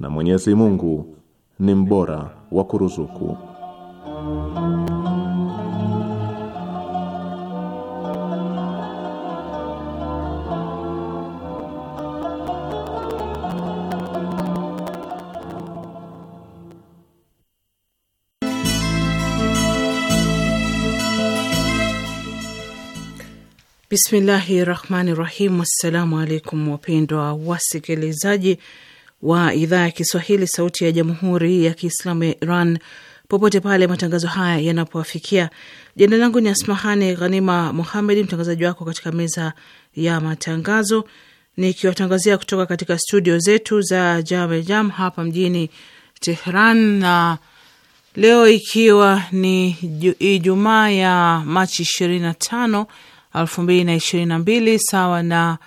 na Mwenyezi Mungu ni mbora wa kuruzuku. Bismillahi rahmani rahim. Assalamu alaikum wapendwa wasikilizaji wa idhaa ya Kiswahili sauti ya jamhuri ya Kiislamu ya Iran popote pale matangazo haya yanapowafikia. Jina langu ni Asmahani Ghanima Muhamedi, mtangazaji wako katika meza ya matangazo, nikiwatangazia kutoka katika studio zetu za Jame Jam hapa mjini Tehran, na leo ikiwa ni Ijumaa ya Machi ishirini na tano elfu mbili na ishirini na mbili sawa na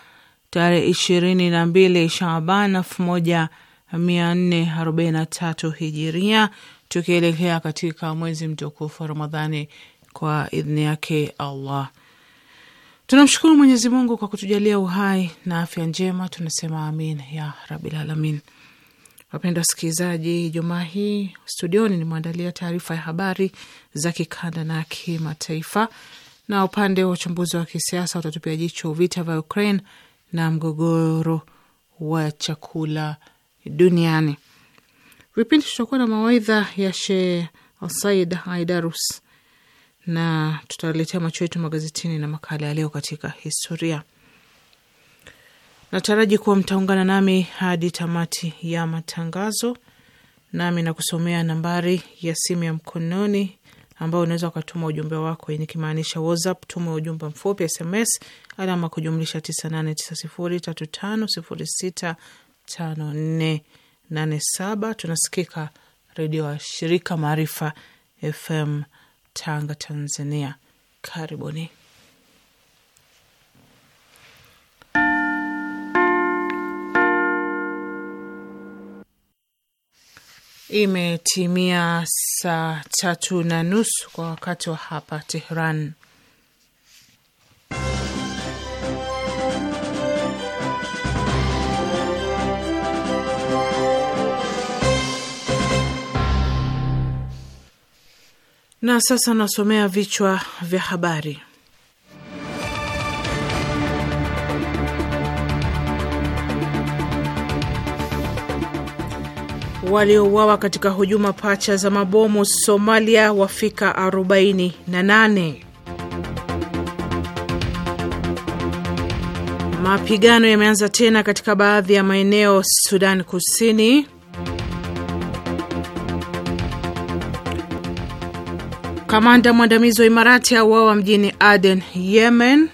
tarehe ishirini na mbili Shaaban elfu moja mia nne arobaini na tatu hijiria, tukielekea katika mwezi mtukufu wa Ramadhani kwa idhni yake Allah. Tunamshukuru Mwenyezi Mungu kwa kutujalia uhai na afya njema, tunasema amin ya rabil alamin. wasikilizaji, Jumaa hii studioni nimeandalia taarifa ya habari za kikanda na kimataifa, na upande wa uchambuzi wa kisiasa utatupia jicho vita vya Ukraine na mgogoro wa chakula duniani. Vipindi tutakuwa na mawaidha ya she Said Aidarus na tutaletea macho yetu magazetini na makala ya leo katika historia. Nataraji kuwa mtaungana nami hadi tamati ya matangazo, nami na kusomea nambari ya simu ya mkononi ambao unaweza ukatuma ujumbe wako, nikimaanisha WhatsApp. tume ujumbe mfupi SMS alama kujumlisha 989035065487. Tunasikika redio wa shirika Maarifa FM Tanga, Tanzania. Karibuni. Imetimia saa tatu na nusu kwa wakati wa hapa Tehran. Na sasa nasomea vichwa vya habari. waliouawa katika hujuma pacha za mabomu Somalia wafika 48. Mapigano yameanza tena katika baadhi ya maeneo Sudan Kusini. Kamanda mwandamizi wa Imarati auawa mjini Aden, Yemen.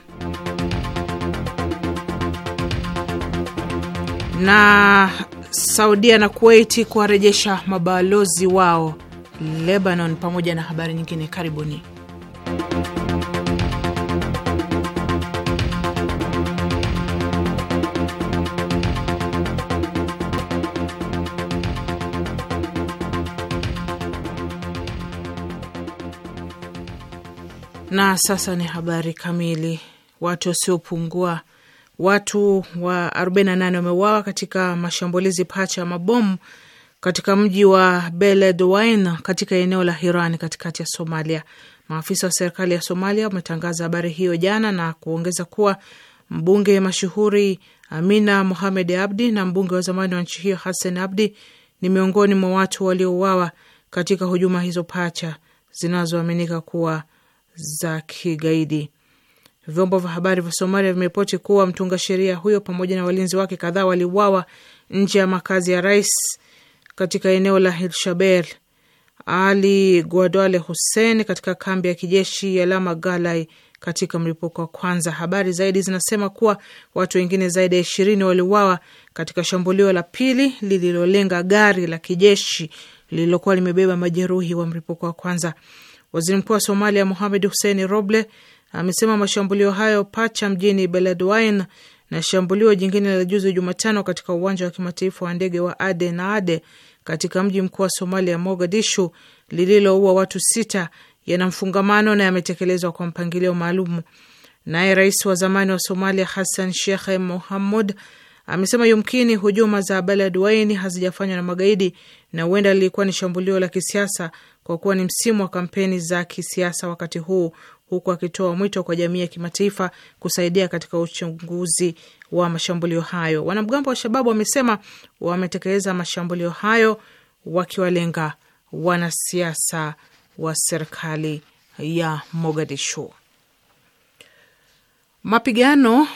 na Saudia na Kuwait kuwarejesha mabalozi wao Lebanon, pamoja na habari nyingine. Karibuni. Na sasa ni habari kamili. Watu wasiopungua Watu wa 48 wameuawa katika mashambulizi pacha ya mabomu katika mji wa Beledweyne katika eneo la Hiran katikati ya Somalia. Maafisa wa serikali ya Somalia wametangaza habari hiyo jana na kuongeza kuwa mbunge mashuhuri Amina Mohamed Abdi na mbunge wa zamani wa nchi hiyo Hassan Abdi ni miongoni mwa watu waliouawa katika hujuma hizo pacha zinazoaminika kuwa za kigaidi. Vyombo vya habari vya Somalia vimeripoti kuwa mtunga sheria huyo pamoja na walinzi wake kadhaa waliuawa nje ya makazi ya rais katika eneo la Hirshabelle. Ali Guadale Hussein katika kambi ya kijeshi ya Lamagalai katika mlipuko wa kwanza. Habari zaidi zinasema kuwa watu wengine zaidi ya ishirini waliuawa katika shambulio la pili lililolenga gari la kijeshi lililokuwa limebeba majeruhi wa mlipuko wa kwanza. Waziri mkuu wa Somalia Mohamed Hussein Roble amesema mashambulio hayo pacha mjini Beledweyne na shambulio jingine la juzi Jumatano katika uwanja wa kimataifa wa ndege wa na Ade katika mji mkuu wa Somalia, Mogadishu, lililoua watu sita yana mfungamano na yametekelezwa kwa mpangilio maalum. Naye rais wa zamani wa Somalia Hassan Sheikh Mohamud amesema yumkini hujuma za Beledweyne hazijafanywa na magaidi na huenda lilikuwa ni shambulio la kisiasa, kwa kuwa ni msimu wa kampeni za kisiasa wakati huu huku akitoa mwito kwa jamii ya kimataifa kusaidia katika uchunguzi wa mashambulio hayo. Wanamgambo wa Shababu wamesema wametekeleza mashambulio hayo wakiwalenga wanasiasa wa serikali ya Mogadishu. Mapigano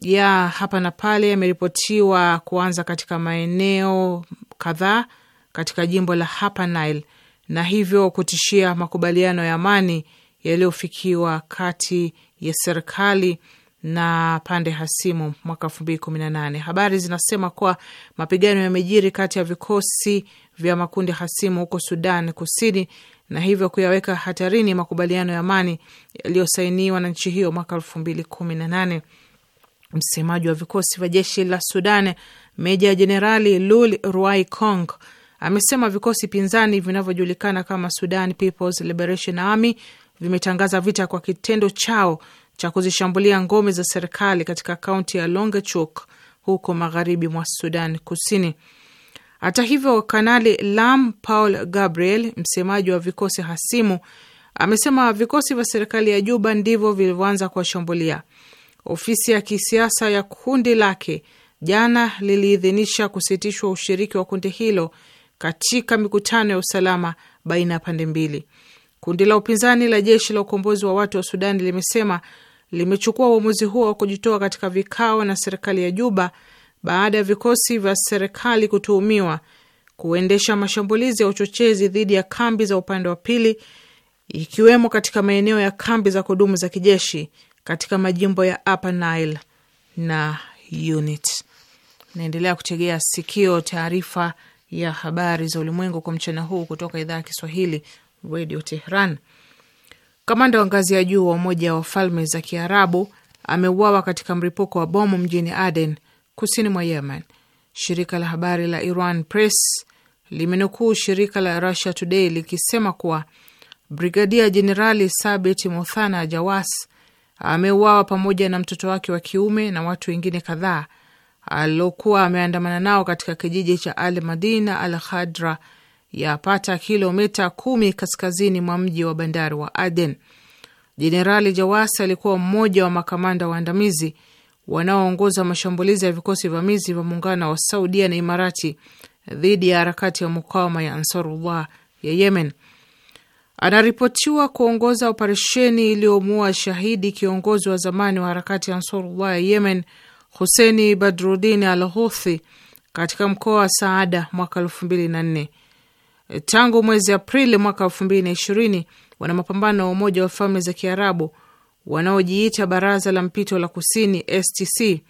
ya hapa na pale yameripotiwa kuanza katika maeneo kadhaa katika jimbo la Upper Nile na hivyo kutishia makubaliano ya amani yaliyofikiwa kati ya serikali na pande hasimu mwaka elfu mbili kumi na nane. Habari zinasema kuwa mapigano yamejiri kati ya vikosi vya makundi hasimu huko Sudan Kusini na hivyo kuyaweka hatarini makubaliano ya amani yaliyosainiwa na nchi hiyo mwaka elfu mbili kumi na nane. Msemaji wa vikosi vya jeshi la Sudan meja jenerali Lul Ruai Kong amesema vikosi pinzani vinavyojulikana kama Sudan People's Liberation Army vimetangaza vita kwa kitendo chao cha kuzishambulia ngome za serikali katika kaunti ya Longechuk huko magharibi mwa Sudan Kusini. Hata hivyo, Kanali Lam Paul Gabriel, msemaji wa vikosi hasimu, amesema vikosi vya serikali ya Juba ndivyo vilivyoanza kuwashambulia. Ofisi ya kisiasa ya kundi lake jana liliidhinisha kusitishwa ushiriki wa kundi hilo katika mikutano ya usalama baina ya pande mbili. Kundi la upinzani la jeshi la ukombozi wa watu wa Sudani limesema limechukua uamuzi huo wa kujitoa katika vikao na serikali ya Juba baada ya vikosi vya serikali kutuhumiwa kuendesha mashambulizi ya uchochezi dhidi ya kambi za upande wa pili ikiwemo katika maeneo ya kambi za kudumu za kijeshi katika majimbo ya Upper Nile na Unit. Naendelea kutegea sikio taarifa ya habari za ulimwengu kwa mchana huu kutoka idhaa ya Kiswahili Radio Tehran. Kamanda wa ngazi ya juu wa Umoja wa Falme za Kiarabu ameuawa katika mlipuko wa bomu mjini Aden, kusini mwa Yemen. Shirika la habari la Iran Press limenukuu shirika la Russia Today likisema kuwa brigadia jenerali Sabit Muthana Jawas ameuawa pamoja na mtoto wake wa kiume na watu wengine kadhaa aliokuwa ameandamana nao katika kijiji cha Al Madina Al Khadra yapata kilomita kumi kaskazini mwa mji wa bandari wa Aden. Jenerali Jawasi alikuwa mmoja wa makamanda waandamizi wanaoongoza mashambulizi ya vikosi vamizi vya muungano wa Saudia na Imarati dhidi ya harakati ya mukawama ya Ansarullah ya Yemen. Anaripotiwa kuongoza operesheni iliyomuua shahidi kiongozi wa zamani wa harakati ya Ansarullah ya Yemen, Huseni Badrudin al Huthi, katika mkoa wa Saada mwaka elfu mbili na nne. Tangu mwezi Aprili mwaka elfu mbili na ishirini, wana mapambano wa Umoja wa Falme za Kiarabu wanaojiita Baraza la Mpito la Kusini STC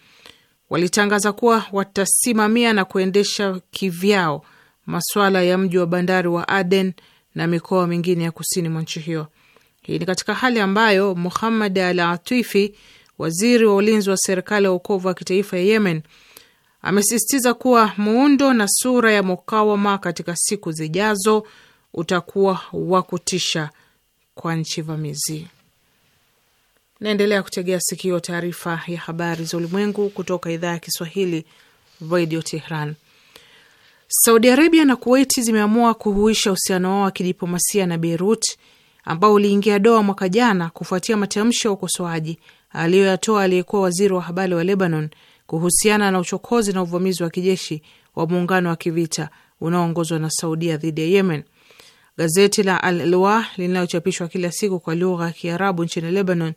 walitangaza kuwa watasimamia na kuendesha kivyao masuala ya mji wa bandari wa Aden na mikoa mingine ya kusini mwa nchi hiyo. Hii ni katika hali ambayo Muhammad Al Atifi, waziri wa ulinzi wa serikali ya ukovu wa kitaifa ya Yemen, Amesisitiza kuwa muundo na sura ya mukawama katika siku zijazo utakuwa wa kutisha kwa nchi vamizi. Naendelea kutegea sikio taarifa ya habari za ulimwengu kutoka idhaa ya Kiswahili, Radio Tehran. Saudi Arabia na Kuwaiti zimeamua kuhuisha uhusiano wao wa kidiplomasia na Beirut ambao uliingia doa mwaka jana kufuatia matamshi ya ukosoaji aliyoyatoa aliyekuwa waziri wa habari wa Lebanon kuhusiana na uchokozi na uvamizi wa kijeshi wa muungano wa kivita unaoongozwa na Saudia dhidi ya Yemen. Gazeti la Al Lwa linalochapishwa kila siku kwa lugha ya Kiarabu nchini Lebanon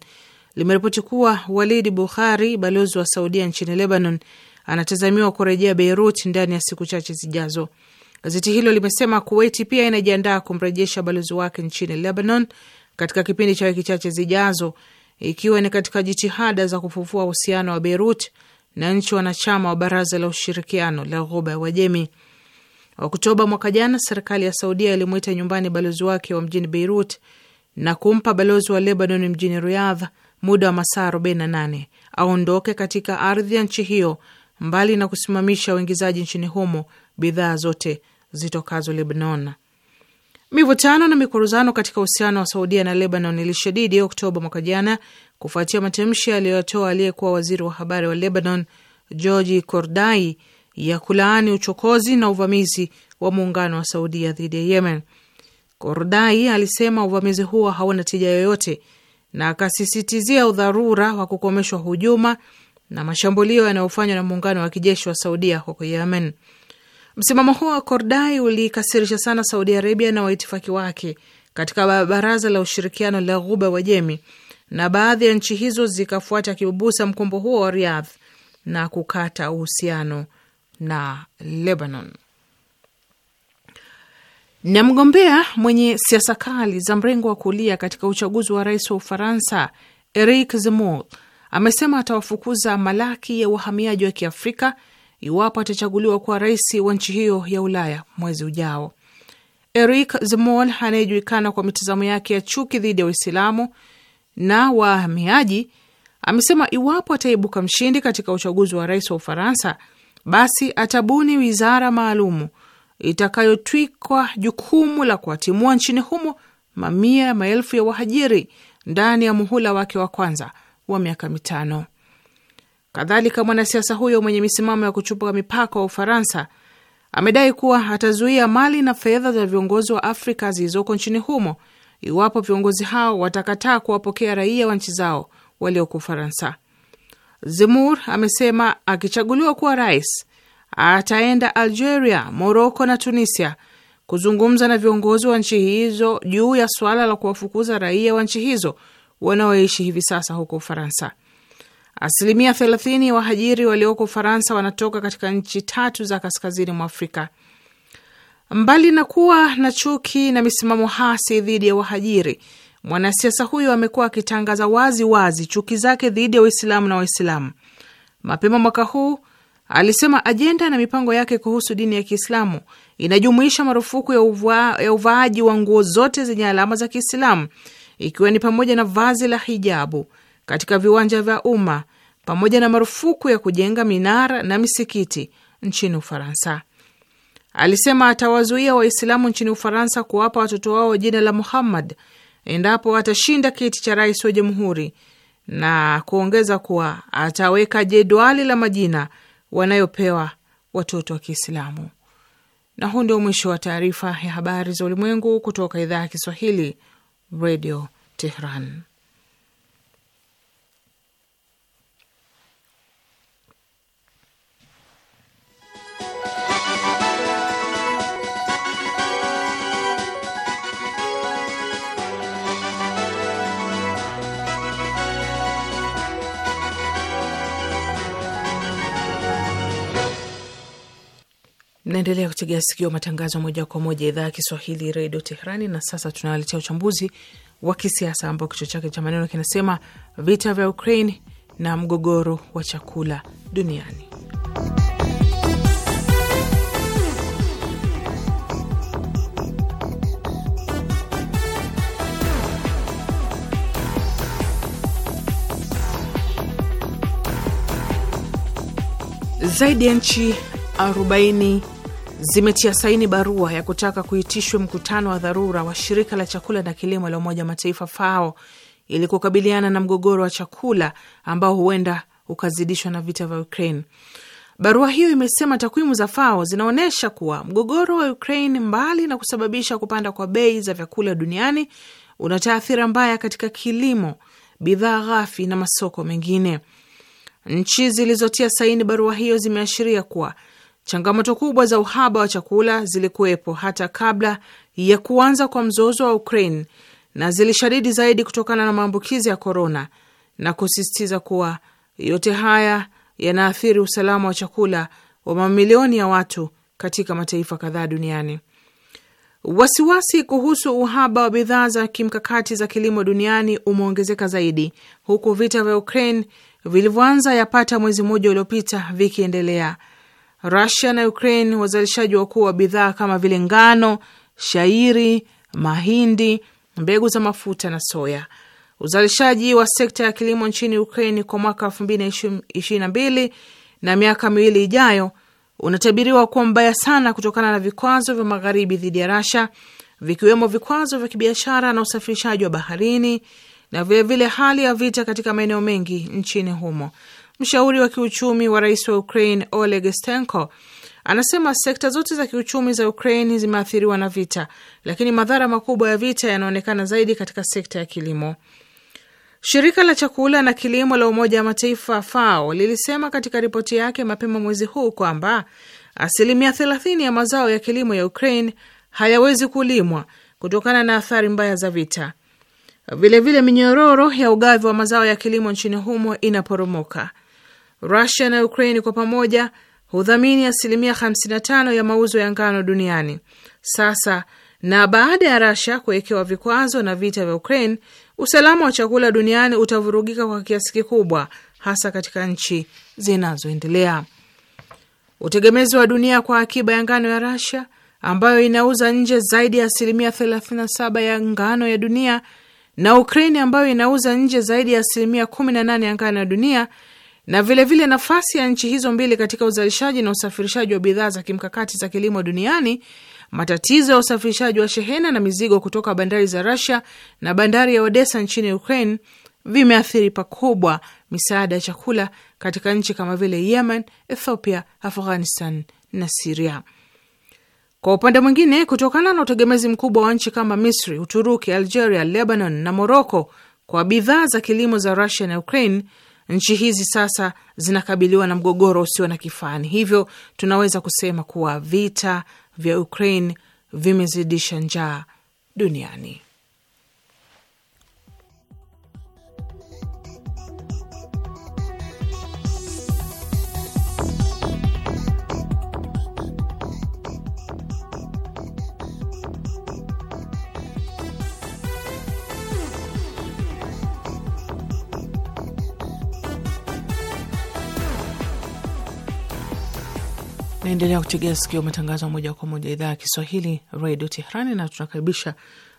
limeripoti kuwa Walidi Bukhari, balozi wa Saudia nchini Lebanon, anatazamiwa kurejea Beirut ndani ya siku chache zijazo. Gazeti hilo limesema Kuwaiti pia inajiandaa kumrejesha balozi wake nchini Lebanon katika kipindi cha wiki chache zijazo, ikiwa ni katika jitihada za kufufua uhusiano wa Beirut na nchi wanachama wa Baraza la Ushirikiano la Ghuba ya Uajemi. Oktoba mwaka jana, serikali ya Saudia ilimwita nyumbani balozi wake wa mjini Beirut na kumpa balozi wa Lebanon mjini Riyadh muda wa masaa 48 aondoke katika ardhi ya nchi hiyo, mbali na kusimamisha uingizaji nchini humo bidhaa zote zitokazo Lebanon. Mivutano na mikoruzano katika uhusiano wa Saudia na Lebanon ilishadidi Oktoba mwaka jana kufuatia matamshi aliyotoa aliyekuwa waziri wa habari wa Lebanon Georgi Kordai ya kulaani uchokozi na uvamizi wa muungano wa Saudia dhidi ya Yemen. Kordai alisema uvamizi huo hauna tija yoyote na akasisitizia udharura wa kukomeshwa hujuma na mashambulio yanayofanywa na muungano wa kijeshi wa Saudia huko Yemen. Msimamo huo wa Kordai ulikasirisha sana Saudi Arabia na waitifaki wake katika baraza la ushirikiano la Ghuba Wajemi na baadhi ya nchi hizo zikafuata kibubusa mkumbo huo wa Riyadh na kukata uhusiano na Lebanon. Na mgombea mwenye siasa kali za mrengo wa kulia katika uchaguzi wa rais wa Ufaransa Eric Zemmour amesema atawafukuza malaki ya uhamiaji wa Kiafrika iwapo atachaguliwa kuwa rais wa nchi hiyo ya Ulaya mwezi ujao. Eric Zemmour anayejulikana kwa mitazamo yake ya chuki dhidi ya Uislamu na wahamiaji, amesema iwapo ataibuka mshindi katika uchaguzi wa rais wa Ufaransa, basi atabuni wizara maalumu itakayotwikwa jukumu la kuwatimua nchini humo mamia ya maelfu ya wahajiri ndani ya muhula wake wa kwanza wa miaka mitano. Kadhalika, mwanasiasa huyo mwenye misimamo ya kuchupa mipaka wa Ufaransa amedai kuwa atazuia mali na fedha za viongozi wa Afrika zilizoko nchini humo iwapo viongozi hao watakataa kuwapokea raia wa nchi zao walioko Ufaransa. Zemur amesema akichaguliwa kuwa rais ataenda Algeria, Moroko na Tunisia kuzungumza na viongozi wa nchi hizo juu ya swala la kuwafukuza raia wa nchi hizo wanaoishi hivi sasa huko Ufaransa. Asilimia 30 ya wahajiri walioko Ufaransa wanatoka katika nchi tatu za kaskazini mwa Afrika. Mbali na kuwa na chuki na misimamo hasi dhidi ya wahajiri, mwanasiasa huyo amekuwa akitangaza wazi wazi chuki zake dhidi ya Uislamu na Waislamu. Mapema mwaka huu alisema ajenda na mipango yake kuhusu dini ya Kiislamu inajumuisha marufuku ya, uva, ya uvaaji wa nguo zote zenye alama za Kiislamu ikiwa ni pamoja na vazi la hijabu katika viwanja vya umma pamoja na marufuku ya kujenga minara na misikiti nchini Ufaransa alisema atawazuia Waislamu nchini Ufaransa kuwapa watoto wao jina la Muhammad endapo atashinda kiti cha rais wa jamhuri, na kuongeza kuwa ataweka jedwali la majina wanayopewa watoto wa Kiislamu. Na huu ndio mwisho wa taarifa ya habari za ulimwengu kutoka idhaa ya Kiswahili, Radio Tehran. Naendelea kutegea sikio matangazo moja kwa moja idhaa ya Kiswahili redio Teherani. Na sasa tunawaletea uchambuzi wa kisiasa ambao kichwa chake cha maneno kinasema vita vya Ukraine na mgogoro wa chakula duniani. Zaidi ya nchi zimetia saini barua ya kutaka kuitishwe mkutano wa dharura wa shirika la chakula na kilimo la Umoja Mataifa FAO ili kukabiliana na mgogoro wa chakula ambao huenda ukazidishwa na vita vya Ukraine. Barua hiyo imesema takwimu za FAO zinaonyesha kuwa mgogoro wa Ukraine, mbali na kusababisha kupanda kwa bei za vyakula duniani, una taathira mbaya katika kilimo, bidhaa ghafi na masoko mengine. Nchi zilizotia saini barua hiyo zimeashiria kuwa Changamoto kubwa za uhaba wa chakula zilikuwepo hata kabla ya kuanza kwa mzozo wa Ukraine na zilishadidi zaidi kutokana na maambukizi ya korona, na kusisitiza kuwa yote haya yanaathiri usalama wa chakula wa mamilioni ya watu katika mataifa kadhaa duniani. Wasiwasi kuhusu uhaba wa bidhaa za kimkakati za kilimo duniani umeongezeka zaidi huku vita vya Ukraine vilivyoanza yapata mwezi mmoja uliopita vikiendelea Rusia na Ukraine wazalishaji wakuu wa bidhaa kama vile ngano, shairi, mahindi, mbegu za mafuta na soya. Uzalishaji wa sekta ya kilimo nchini Ukraine kwa mwaka 2022 na miaka miwili ijayo unatabiriwa kuwa mbaya sana kutokana na vikwazo vya magharibi dhidi ya Russia, vikiwemo vikwazo vya kibiashara na usafirishaji wa baharini na vilevile vile hali ya vita katika maeneo mengi nchini humo. Mshauri wa kiuchumi wa rais wa Ukraine Oleg Stenko anasema sekta zote za kiuchumi za Ukraine zimeathiriwa na vita, lakini madhara makubwa ya vita yanaonekana zaidi katika sekta ya kilimo. Shirika la chakula na kilimo la Umoja wa Mataifa FAO lilisema katika ripoti yake mapema mwezi huu kwamba asilimia 30 ya mazao ya kilimo ya Ukraine hayawezi kulimwa kutokana na athari mbaya za vita. Vilevile, minyororo ya ugavi wa mazao ya kilimo nchini humo inaporomoka. Rusia na Ukraini kwa pamoja hudhamini asilimia 55 ya mauzo ya ngano duniani sasa. Na baada ya Rusia kuwekewa vikwazo na vita vya Ukraine, usalama wa chakula duniani utavurugika kwa kiasi kikubwa, hasa katika nchi zinazoendelea. Utegemezi wa dunia kwa akiba ya ngano ya Rusia, ambayo inauza nje zaidi ya asilimia 37 ya ngano ya dunia, na Ukraine ambayo inauza nje zaidi ya asilimia 18 ya ngano ya dunia na vilevile vile nafasi ya nchi hizo mbili katika uzalishaji na usafirishaji wa bidhaa za kimkakati za kilimo duniani, matatizo ya usafirishaji wa shehena na mizigo kutoka bandari za rusia na bandari ya Odessa nchini Ukraine vimeathiri pakubwa misaada ya chakula katika nchi kama vile Yemen, Ethiopia, Afghanistan na Siria. Kwa upande mwingine, kutokana na utegemezi mkubwa wa nchi kama Misri, Uturuki, Algeria, Lebanon na Moroko kwa bidhaa za kilimo za rusia na Ukraine Nchi hizi sasa zinakabiliwa na mgogoro usio na kifani, hivyo tunaweza kusema kuwa vita vya Ukraine vimezidisha njaa duniani. Naendelea kutegea sikio matangazo moja kwa moja idhaa ya Kiswahili redio Tehrani, na tunakaribisha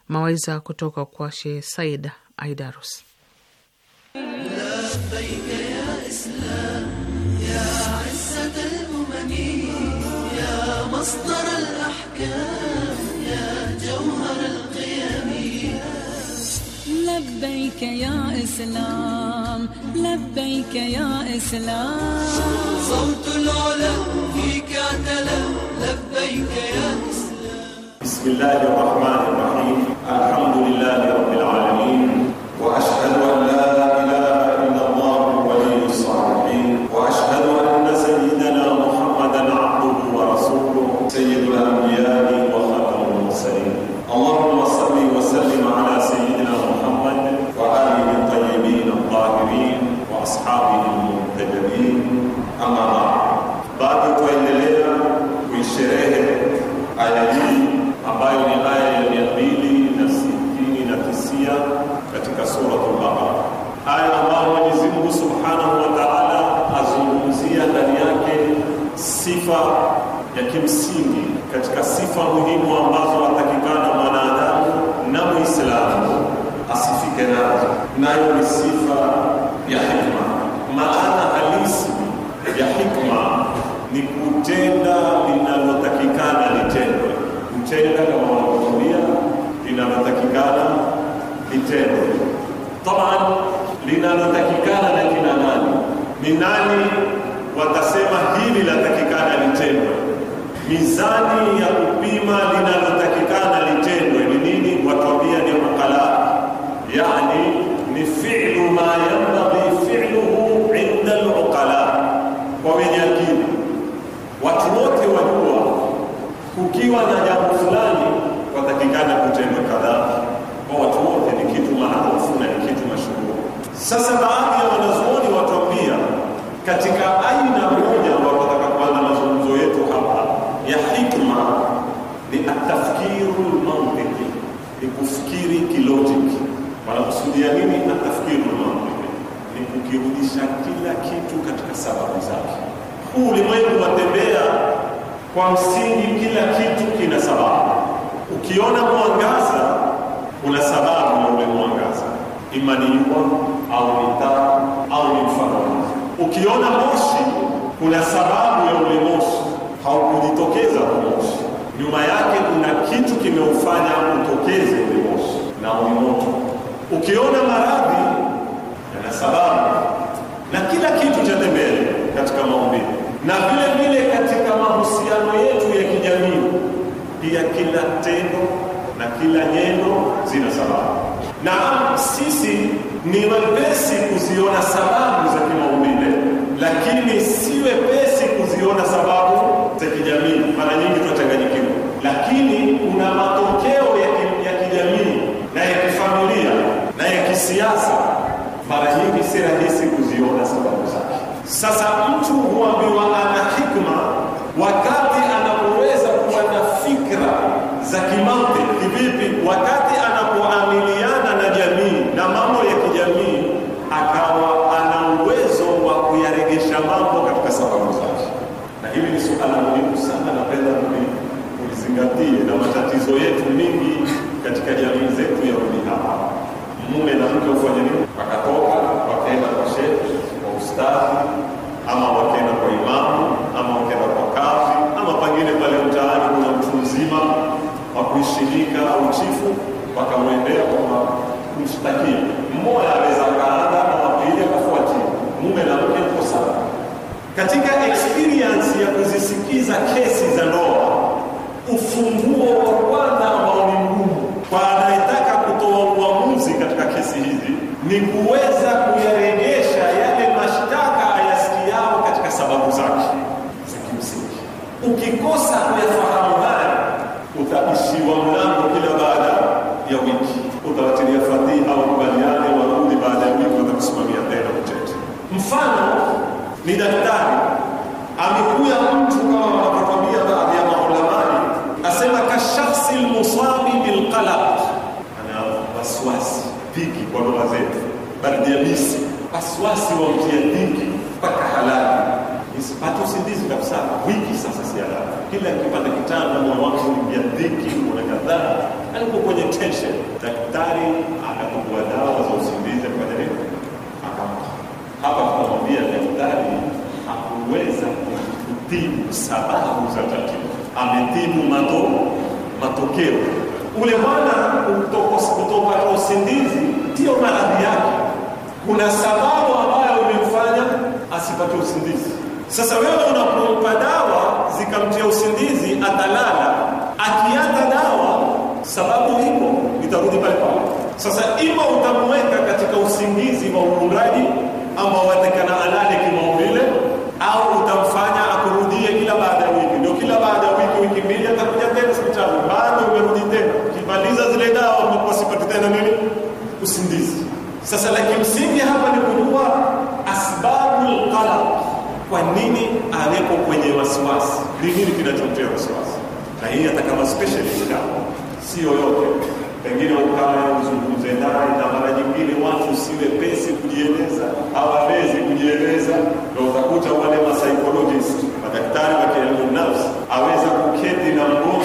mawaidha kutoka kwa Shehe Saida Aidarus. لبيك يا إسلام صوت العلا فيك اعتلى لبيك يا إسلام بسم الله الرحمن الرحيم الحمد لله رب العالمين mizani ya unapoangaza kuna sababu na umemwangaza ima ni jua au ni taa au ni mfano. Ukiona moshi, kuna sababu ya ule moshi, haukujitokeza kwa moshi, nyuma yake kuna kitu kimeufanya utokeze ule moshi, na ule moto. Ukiona maradhi, yana sababu, na kila kitu cha tembele katika maumbile na vile vile katika mahusiano yetu ya kijamii pia, kila tendo na kila neno zina sababu, na sisi ni wepesi kuziona sababu za kimaumbile, lakini si wepesi kuziona sababu za kijamii. Mara nyingi tunachanganyikiwa, lakini kuna matokeo ya kijamii na ya kifamilia na ya kisiasa, mara nyingi si rahisi kuziona sababu zake. Sasa mtu huambiwa ana hikma wakati anapoweza kuwa na fikra za kimantiki katika jamii zetu ya hapa, mume na mke hufanya nini? Wakatoka wakaenda kwa shehe, kwa ustadhi, ama wakaenda kwa imamu, ama wakaenda kwa kadhi, ama pengine pale mtaani kuna mtu mzima wa kuishirika au chifu, wakamwendea kwamba kumshtakia. Mmoja aweza kaada na wapili akafuatia, mume na mke mko sawa. Katika experience ya kuzisikiza kesi za ndoa, ufunguo wa kwanza ambao kwa anayetaka kutoa uamuzi katika kesi hizi ni kuweza kuyarejesha yale mashtaka ayasikiao katika sababu zake za kimsingi. Ukikosa kuyafahamu haya, utaishiwa mlango kila baada ya wiki, utawatilia fadhiha, wakubaliane, warudi baada ya wiki, watakusimamia tena utete. Mfano ni daktari wa ndoa zetu, bali ni yabisi wasiwasi wa njia dhiki mpaka halali nisipate usingizi kabisa. Wiki sasa si halali, kila kipanda kitanda moyo wako ingia dhiki na kadhaa, alikuwa kwenye tension. Daktari akatukua dawa za usingizi, akafanya nini? Akampa hapa, tunamwambia daktari hakuweza kutibu sababu za tatizo, ametibu mato matokeo. Ule mwana kutopata usindizi ndiyo maradhi yake. Kuna sababu ambayo imemfanya asipate usingizi. Sasa wewe unapompa dawa zikamtia usingizi, atalala. Akiata dawa, sababu ipo, itarudi pale pale. Sasa ima utamweka katika usingizi wa uungaji ama watekana alale kimaumbile au Sasa la kimsingi hapa ni kujua asbabul qalaq, kwa nini aweko kwenye wasiwasi, ni nini kinachomtia wasiwasi, na hii hata kama specialist kama si yoyote, pengine ukawa uzungumze naye, na mara nyingine watu si wepesi kujieleza, hawawezi kujieleza, na utakuta wale masaikolojist, madaktari wa nafsi aweza kuketi na mgonjwa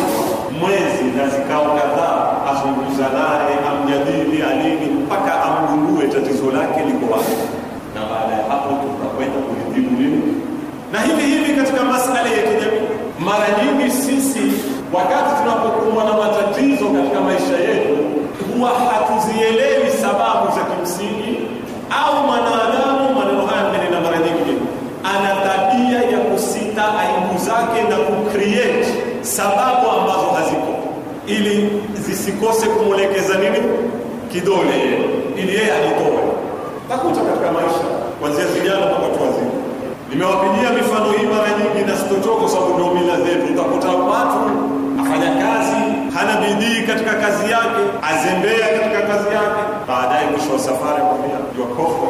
kidole yeye ili yeye ajitoe. Takuta katika maisha kuanzia vijana mpaka watu wazima. Nimewapigia mifano hii mara nyingi na sitochoka sababu ndio mila zetu. Utakuta watu afanya kazi, hana bidii katika kazi yake, azembea katika kazi yake, baadaye mwisho wa safari kwambia akwambia jokofu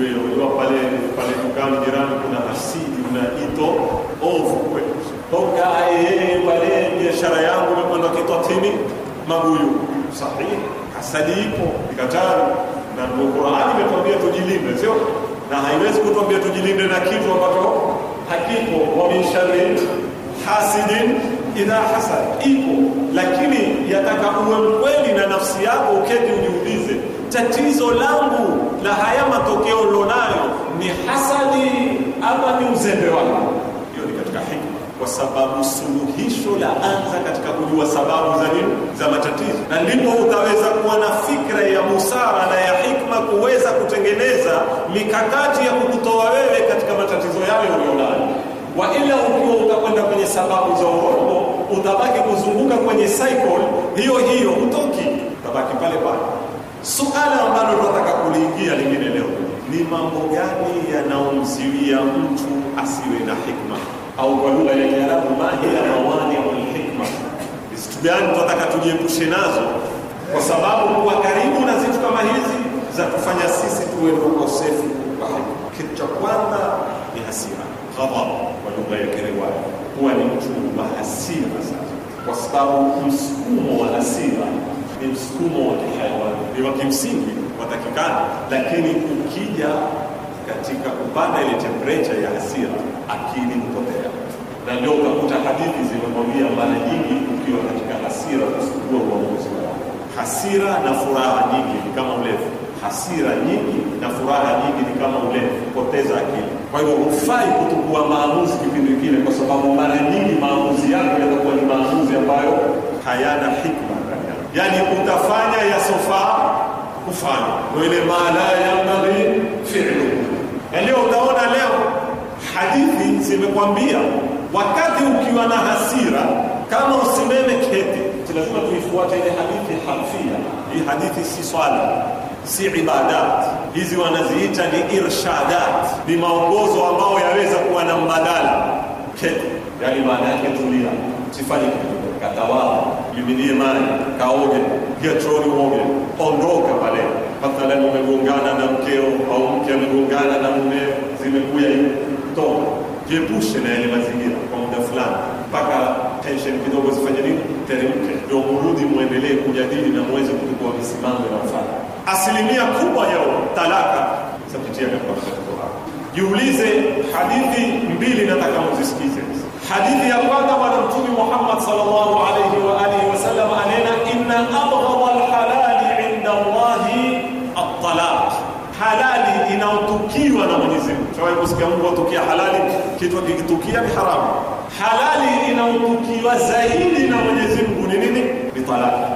Unajua pale pale dukani jirani kuna hasidi na ito ovu kweli. Toka yeye pale biashara yangu imekwenda kitwa timi maguyu sahihi Hasadi ipo ikatano, na ndio Qur'ani imetuambia tujilinde, sio? Na haiwezi kutuambia tujilinde na kitu ambacho hakipo. Wa min shari hasidin idha hasad, ipo lakini yataka uwe mkweli na nafsi yako, uketi ujiulize, tatizo langu la haya matokeo lonayo ni hasadi ama ni uzembe wangu? kwa sababu suluhisho la anza katika kujua sababu za nini za matatizo, na ndipo utaweza kuwa na fikra ya busara na ya hikma kuweza kutengeneza mikakati ya kukutoa wewe katika matatizo yale ulionayo. Wa ila ukiwa utakwenda kwenye sababu za urongo, utabaki kuzunguka kwenye cycle hiyo hiyo, utoki utabaki pale pale. Suala ambalo tunataka kuliingia lingine leo ni mambo gani yanaomziwia mtu asiwe na hikma, au kwa lugha ya Kiarabu mahiya mawaniu lhikma, vitu gani tunataka tujiepushe nazo, kwa sababu kuwa karibu na zitu kama hizi za kufanya sisi tuwe na ukosefu wa hikma. Kitu cha kwanza ni hasira, ghadhab kwa lugha ya Kiarabu, kuwa ni mtu wa hasira sana, kwa sababu msukumo wa hasira ni msukumo wa kihayawani, ni wa kimsingi unatakikana, lakini ukija katika kupanda ile temperature ya hasira, akili hupotea, na ndio utakuta hadithi zimemwambia mara nyingi, ukiwa katika hasira kusikua uamuzi wako. Hasira na furaha nyingi ni kama ulevi. Hasira nyingi na furaha nyingi ni kama ulevi, kupoteza akili. Kwa hivyo hufai kutukua maamuzi kipindi kile, kwa sababu mara nyingi maamuzi yako yatakuwa ni maamuzi ambayo hayana hikma ndani yani utafanya yasofaa kufanya ile ma la yanbaghi fi'lu leo utaona leo hadithi zimekwambia wakati ukiwa na hasira kama usimeme kete lazima tuifuate ile hadithi harfia hii hadithi si swala si ibadat hizi wanaziita ni irshadat ni maongozo ambayo yaweza kuwa na mbadala kete yani maana yake tulia sifanye kitu Katawala, jimilie maji, kaoge, pia troli uoge, ondoka pale. Mathalan, umegongana na mkeo au mke amegongana na mumeo, zimekuya hivi, jiepushe na yale mazingira kwa muda fulani mpaka tension kidogo zifanye nini, teremke, ndio murudi, muendelee kujadili na muweze kuchukua misimamo mfano. Asilimia kubwa ya talaka zapitia katika mtoto wako. Jiulize hadithi mbili, nataka muzisikize hadithi ya kwanza bwana mtume Muhammad sallallahu alayhi wa alihi wasallam anena inna abghadha alhalali inda Allah at-talaq halali inaotukiwa na Mwenyezi Mungu tuwaye kusikia Mungu atukia halali kitu kikitukia ni haramu halali inaotukiwa zaidi na Mwenyezi Mungu ni nini ni talaka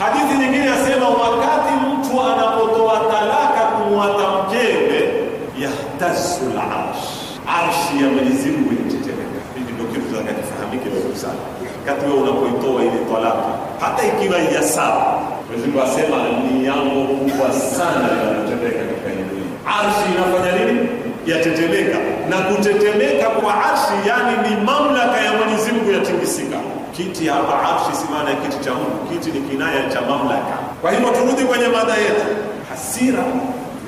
hadithi nyingine yasema wakati mtu anapotoa talaka kumwata mkewe yahtazu al-arsh arshi ya Mwenyezi Mungu sana kati wewe unapoitoa ile talaka, hata ikiwa ya sawa. Mwenyezi Mungu asema ni jambo kubwa sana linalotendeka katika dunia. Arshi inafanya nini? Yatetemeka na kutetemeka kwa arshi, yani ni mamlaka ya Mwenyezi Mungu yatingisika. Kiti hapa arshi si maana ya kiti cha Mungu, kiti ni kinaya cha mamlaka. Kwa hivyo turudi kwenye mada yetu, hasira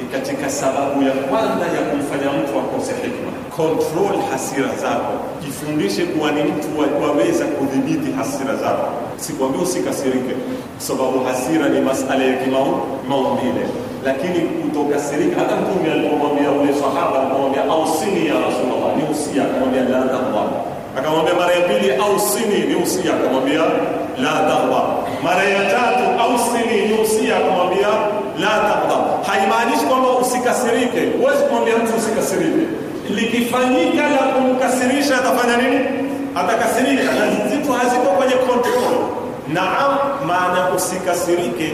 ni katika sababu ya kwanza ya kumfanya mtu akose hikma. Control hasira zako, jifundishe kuwa ni mtu waweza kudhibiti hasira zako. Sikwambia usikasirike, kwa sababu hasira ni masala ya maumbile, lakini kutokasirika. Hata Mtume alipomwambia ule sahaba, alipomwambia ausini ya Rasulullah, ni usia, akamwambia la Allah akamwambia mara ya pili au sini ni usia akamwambia la taghdab mara ya tatu au sini ni usia akamwambia la taghdab haimaanishi kwamba usikasirike huwezi kumwambia mtu usikasirike likifanyika la kumkasirisha atafanya nini atakasirika na zitu haziko kwenye control naam maana usikasirike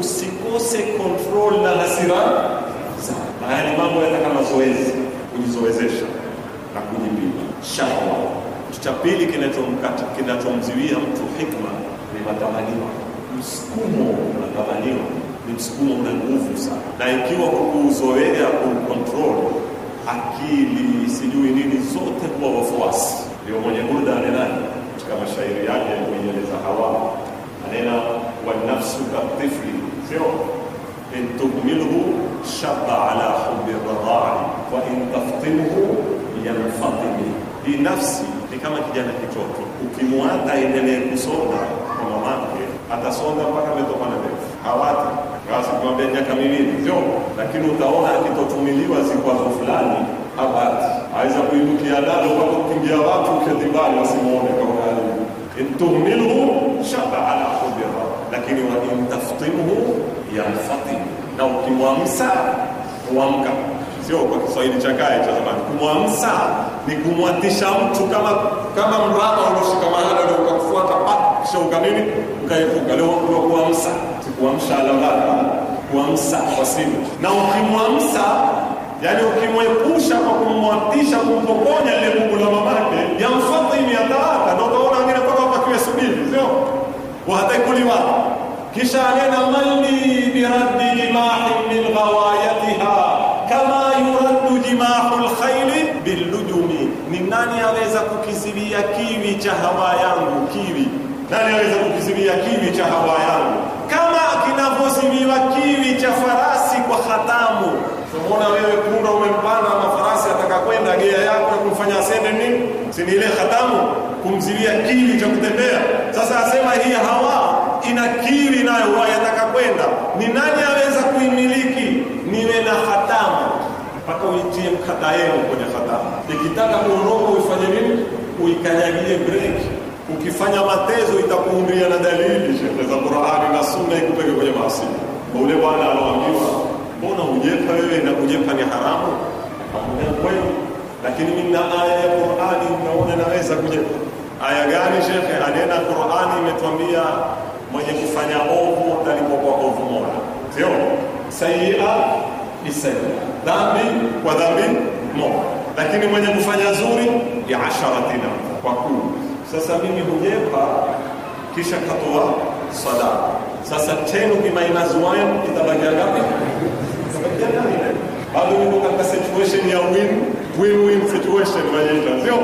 usikose control na hasira zako haya ni mambo yata kama zoezi kujizoezesha na kujipima shahwa cha pili kinachomziwia mtu hikma ni matamanio. Msukumo unatamanio ni msukumo una nguvu sana, na ikiwa kukuzoea kucontrol akili sijui nini zote kuwa wafuasi. Ndio mwenye Burda anenani katika mashairi yake kuieleza hawa, anena wa nafsu ka tifli, sio in shaba ala hubi radai wa in yanfatimi, hii nafsi kama kijana kichoto, ukimwacha endelee kusonga kwa mamake, atasonga mpaka ametoka na ndevu. hawati basi kuambia miaka miwili ndio, lakini utaona akitotumiliwa zikwazo fulani hawati, aweza kuindukia dalo mpaka kukimbia watu kadhibani wasimwone kaukali hali shaba ala hubira, lakini waintaftimhu yanfatimu, na ukimwamsa huamka sio kwa Kiswahili cha kale cha zamani. Kumwamsa ni kumwatisha mtu kama kama mraba ulioshika unaoshikamana na ukakufuata pak, kisha ukanini ukaepuka. Leo kwa kuamsha, sikuamsha alama, kuamsa kwa simu. Na ukimwamsa yani ukimwepusha kwa kumwatisha, kumpokonya lile bubu la mamake, yamfadhi ni ataata, ndio utaona wengine mpaka hapa subiri, sio wa hata kuliwa kisha anena mali biraddi limahi min ghawayi rimahul khaili bilujumi, ni nani aweza kukizibia kiwi cha hawa yangu? Kiwi, nani aweza kukizibia kiwi cha hawa yangu kama kinavyozibiwa kiwi cha farasi kwa hatamu? Unaona wewe punda umempana na farasi ataka kwenda gea yako na kumfanya asende nini, si ni ile hatamu kumzilia kiwi cha kutembea. Sasa asema hii hawa ina kiwi nayo, wayataka kwenda, ni nani aweza kuimiliki? Niwe na hatamu mpaka uitie yenu kwenye hata, Ikitaka kuondoka uifanye nini? Uikanyagie breki. Ukifanya matezo itakuumbia na dalili shekhe za Qur'ani na Sunna ikupeke kwenye maasi. Kwa ule bwana aloambiwa, mbona ujepa wewe na kujepa ni haramu? Akamwambia kweli, lakini mimi na aya ya Qur'ani naona naweza kujepa. Aya gani shekhe? Anena Qur'ani imetwambia mwenye kufanya ovu atalipwa kwa ovu moja, sio sayi'a hisani, dhambi kwa dhambi moja, lakini mwenye kufanya zuri ya asharatina kwa kumi. Sasa mimi hujepa kisha katoa sadaka. Sasa tenu kimainaziwayo itabakia ngapi? Itabakia nani? Bado niko katika situation ya win win win situation, wanaita sio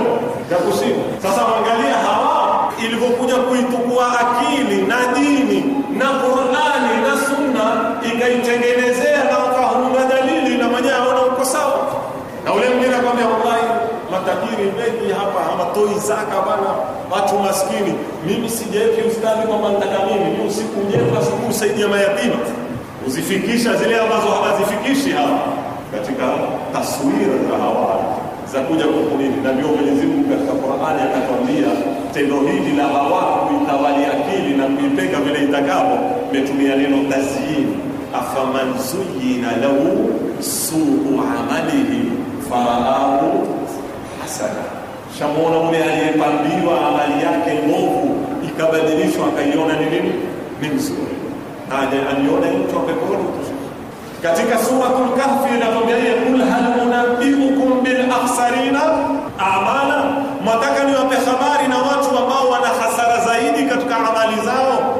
ya kushinda. Sasa angalia hawa ilivyokuja kuitukua akili na dini na Qur'ani na Sunna ikaitengenezea matajiri wengi hapa ama toi zaka bana, watu maskini. Mimi sijaeki ustadi kwamba nataka nini, ni usiku njema asubuhi usaidia mayatima, uzifikisha zile ambazo hawazifikishi hapa katika taswira za hawa za kuja huku nini. Na ndio Mwenyezi Mungu katika Qur'ani akatwambia tendo hili la hawa kuitawali akili na kuipeka vile itakavyo, imetumia neno tazyini, afaman zuyina lahu suu amalihi faraahu hasana. Shamwona mume aliyepambiwa amali yake mbovu ikabadilishwa akaiona ni nini ni nzuri, anione mtu wa peponi. Katika Suratul Kahfi inatuambia yeye, kul hal unabbiukum bil akhsarina amala, mwataka niwape habari na watu ambao wana hasara zaidi katika amali zao.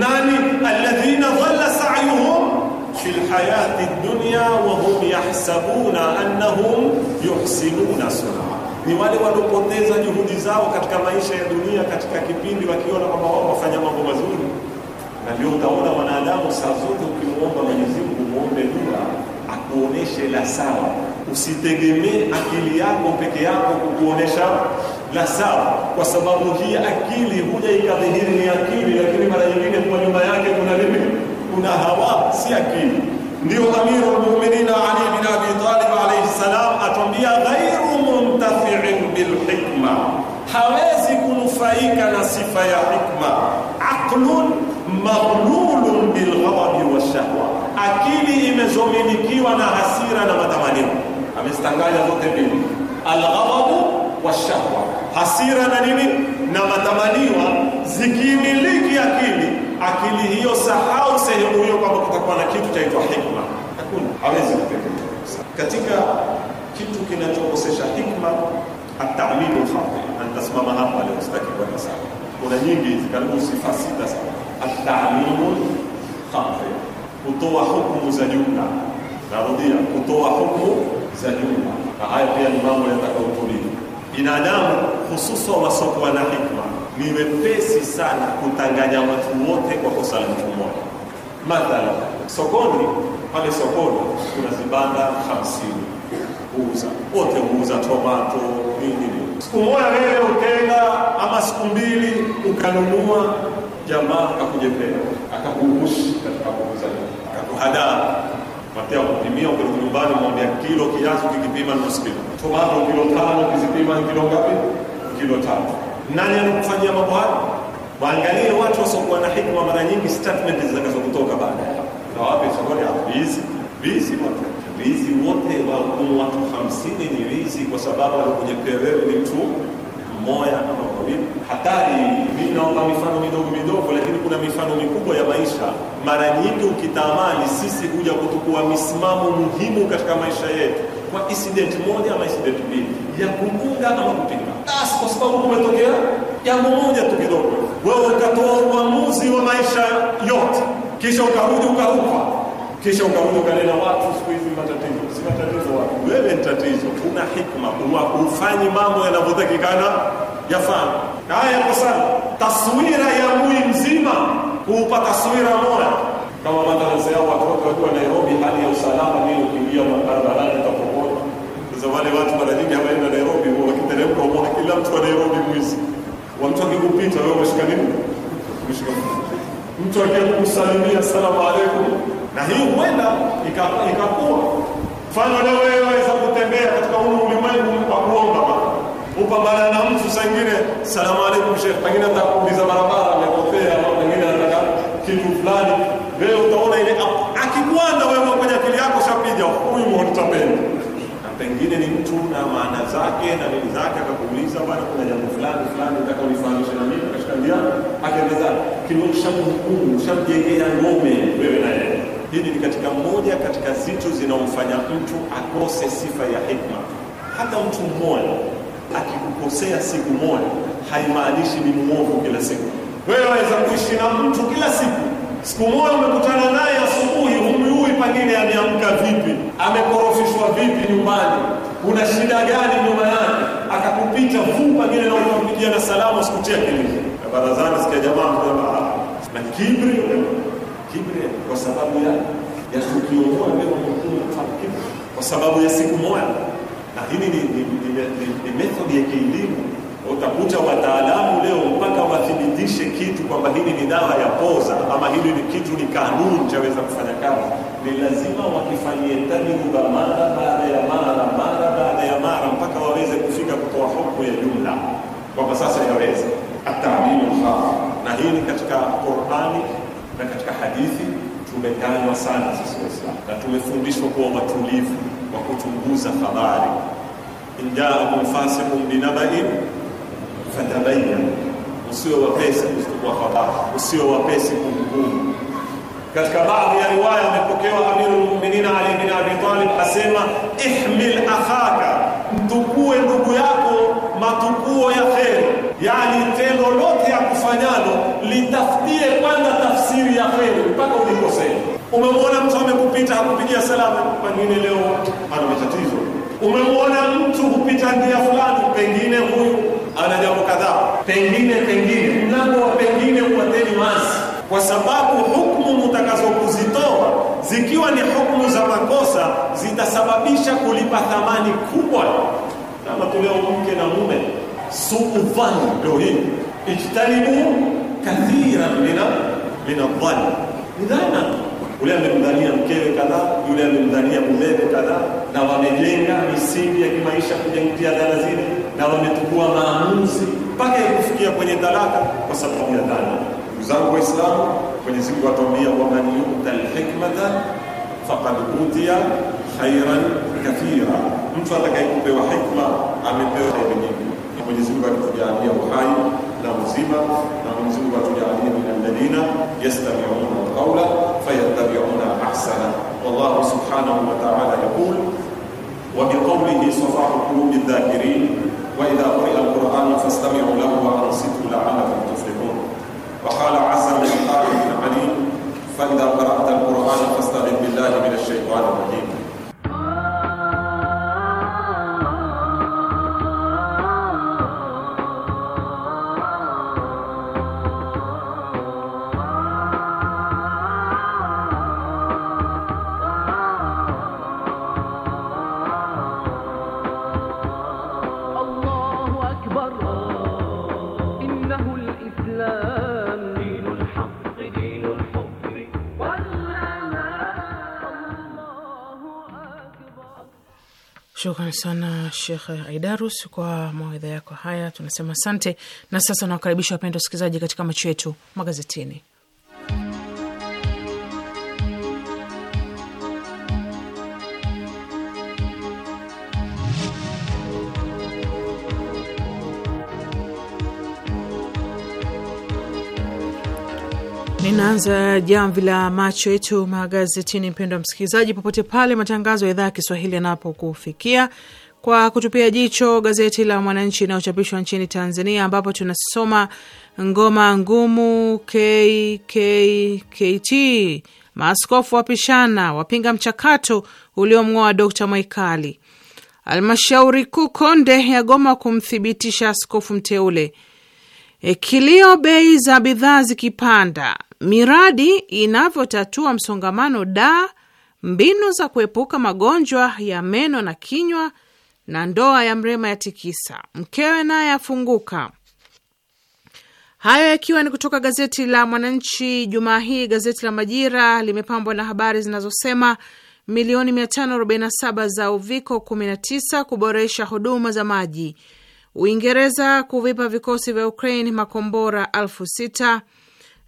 Nani? alladhina dhalla sa'yuhum fil hayati dunya wa hum yahsabuna annahum yuhsinuna sun'a ni wale waliopoteza juhudi zao katika maisha ya dunia katika kipindi wakiona kwamba wao wafanya mambo mazuri. Na ndio utaona wanadamu saa zote ukimwomba Mwenyezi Mungu, muombe dua akuoneshe la sawa, usitegemee akili yako peke yako kukuonesha la sawa, kwa sababu hii akili huja ikadhihiri ni akili, lakini mara nyingine kwa nyumba yake kuna nini? Kuna hawa, si akili. Ndio Amirul Mu'minin Ali bin Abi Talib alayhi salam atwambia ghairu mumtath yuntafiu bilhikma, hawezi kunufaika na sifa ya hikma. Aqlun maghlulun bilghadabi washahwa, akili imezomilikiwa na hasira na matamanio. Amezitangaja zote mbili, alghadabu washahwa, hasira na nini na matamaniwa. Zikimiliki akili, akili hiyo sahau sehemu hiyo kwamba kutakuwa na kitu chaitwa hikma. Hakuna, hawezi kufikiri katika kitu kinachokosesha hikma atalimu khati antasimama hapo aliostaki kwenda sawa. Kuna nyingi hizi karibu sifa sita sawa. Atalimu khati, kutoa hukumu za jumla. Narudia, kutoa hukumu za jumla, na haya pia ni mambo yanataka utulivu. Binadamu hususa wasokuwa na hikma ni wepesi sana kutanganya watu wote kwa kosa la mtu mmoja. Mathalan, sokoni pale sokoni kuna zibanda hamsini kuuza, wote huuza tomato nini. Siku moja wewe ukenga, ama siku mbili ukanunua, jamaa akakujepea, akakugushi katika kuuza, akakuhadaa patia kupimia, ukirudi nyumbani mwambia kilo kiasi, ukikipima nusu kilo tomato, kilo tano, ukizipima kilo ngapi? Kilo tano. Nani anakufanyia mambo hayo? Waangalie watu wasiokuwa na hikma, mara nyingi statement zitakazokutoka baadaye. wapi sokoni hapo? hizi hizi zile ni rizi kwa sababu alikunyepea wewe ni mtu mmoja ama wawili. Hatari. Mimi naomba mifano midogo midogo, lakini kuna mifano mikubwa ya maisha. Mara nyingi ukitamani sisi huja kutukua misimamo muhimu katika maisha yetu kwa incident moja ama incident mbili ya kumunga ama kupinga, basi kwa sababu kumetokea jambo moja tu kidogo, wewe ukatoa uamuzi wa maisha yote, kisha ukarudi ukarupa kisha ukaona ukanena watu siku hizi matatizo. Si matatizo watu, wewe ni tatizo. Una hikma, hufanyi mambo yanavyotakikana yafanya. Haya yako sana, taswira ya mui mzima kuupa taswira moja, kama madarasa yao watoto wakiwa Nairobi, hali ya usalama ni ukimbia barabarani utapokota. Sasa wale watu mara nyingi hawaenda Nairobi, wakiteremka umeona kila mtu wa Nairobi mwizi, wa mtu akikupita wewe umeshika nini? Umeshika mtu akikusalimia salamu alaykum na hii huenda ikakuwa mfano leo wewe za kutembea katika huu ulimwengu kwa kuomba upambana na mtu sangine ingine salamu alaykum sheikh pengine atakuuliza barabara amepotea au pengine anataka kitu fulani wewe utaona ile akikuanda wewe kwenye akili yako shapija, huyu mwanitapenda na pengine ni mtu na maana zake na nini zake akakuuliza bwana kuna jambo fulani fulani nataka unifahamishe na mimi Biblia akaeleza kidogo, shamhukumu shamjengea ngome wewe na yeye. Hili ni katika moja katika zitu zinaomfanya mtu akose sifa ya hikma. Hata mtu mmoja akikukosea siku moja haimaanishi ni mwovu kila siku. Wewe waweza kuishi na mtu kila siku, siku moja umekutana naye asubuhi, humjui pengine ameamka vipi, amekorofishwa vipi nyumbani, kuna shida gani nyuma yake, akakupita vuu pengine na ukampigia na salamu, sikutia kelele barazani, sikia jamaa mnaa na kibri, kibri kwa sababu ya ya kukiondoa leo kibri kwa sababu ya siku moja, na hili ni, ni, ni, ni, ni methodi ya kielimu. Utakuta wataalamu leo mpaka wathibitishe kitu kwamba hili ni dawa ya poza ama hili ni kitu ni kanuni chaweza kufanya kazi, ni lazima wakifanyie tajriba mara baada ya mara mara baada ya mara mpaka waweze kufika kutoa hukumu ya jumla kwamba sasa inaweza atalilu lhara, na hii ni katika Qurani na katika hadithi tumeganywa sana sisi Waislamu na tumefundishwa kuwa watulivu wa kuchunguza habari. Injaakum fasiqun binabain fatabayan, usiwe wapesi kuchukua habari, usiwe wapesi kuhukumu. Katika baadhi ya riwaya amepokewa Amirul Mu'minin Ali bin Abi Talib asema, ihmil akhaka, mtukue ndugu yako matukuo ya kheri, yani tendo lote ya kufanyalo litafutie kwanza tafsiri ya kheri mpaka ulikosea. Umemwona mtu amekupita hakupigia salamu, pengine leo ana matatizo. Umemwona mtu kupita njia fulani, pengine huyu ana jambo kadhaa, pengine pengine, mlango wa pengine uwateni wazi, kwa sababu hukumu kuzitoa zikiwa ni hukumu za makosa zitasababisha kulipa thamani kubwa kama tuleo mke na mume suudhani ndio hili ijtanibu kathiran mina mina dhani ni dhana ule amemdhania mkewe kadhaa yule amemdhania mumewe kadhaa na wamejenga misingi ya kimaisha kujengia dhana zile na wametukua maamuzi mpaka kufikia kwenye talaka kwa sababu ya dhana ndugu zangu waislamu mwenyezi mungu atuambia waman yuta lhikmata faqad utiya khairan kathira mtu atakayepewa hikma amepewa neema nyingi. Mwenyezi Mungu alitujalia uhai na uzima, na Mwenyezi Mungu atujalie min alladhina yastami'una alqawla fayattabi'una ahsana. Wallahu subhanahu wa ta'ala yaqul wa biqawlihi safahu qulubi dhakirin wa idha quri'a alqur'anu fastami'u lahu wa ansitu la'allakum tuflihun. Wa qala 'azza min qailin 'alim fa idha qara'ta alqur'ana fasta'in billahi minash shaitani rajim. Shukran sana Shekh Aidarus kwa mawaidha yako haya, tunasema asante. Na sasa nawakaribisha wapenda wasikilizaji katika macho yetu magazetini. Ninaanza jamvi la macho yetu magazetini, mpendwa msikilizaji, popote pale matangazo ya idhaa ya Kiswahili yanapokufikia kwa kutupia jicho gazeti la Mwananchi inayochapishwa nchini Tanzania, ambapo tunasoma ngoma ngumu KKKT, maaskofu wapishana, wapinga mchakato uliomng'oa Dkt Mwaikali, almashauri kuu Konde yagoma kumthibitisha askofu mteule, e, kilio bei za bidhaa zikipanda, miradi inavyotatua msongamano da, mbinu za kuepuka magonjwa ya meno na kinywa, na ndoa ya mrema ya tikisa mkewe naye afunguka. Hayo yakiwa ni kutoka gazeti la Mwananchi jumaa hii. Gazeti la Majira limepambwa na habari zinazosema milioni 547 za uviko 19 kuboresha huduma za maji. Uingereza kuvipa vikosi vya Ukraine makombora elfu sita.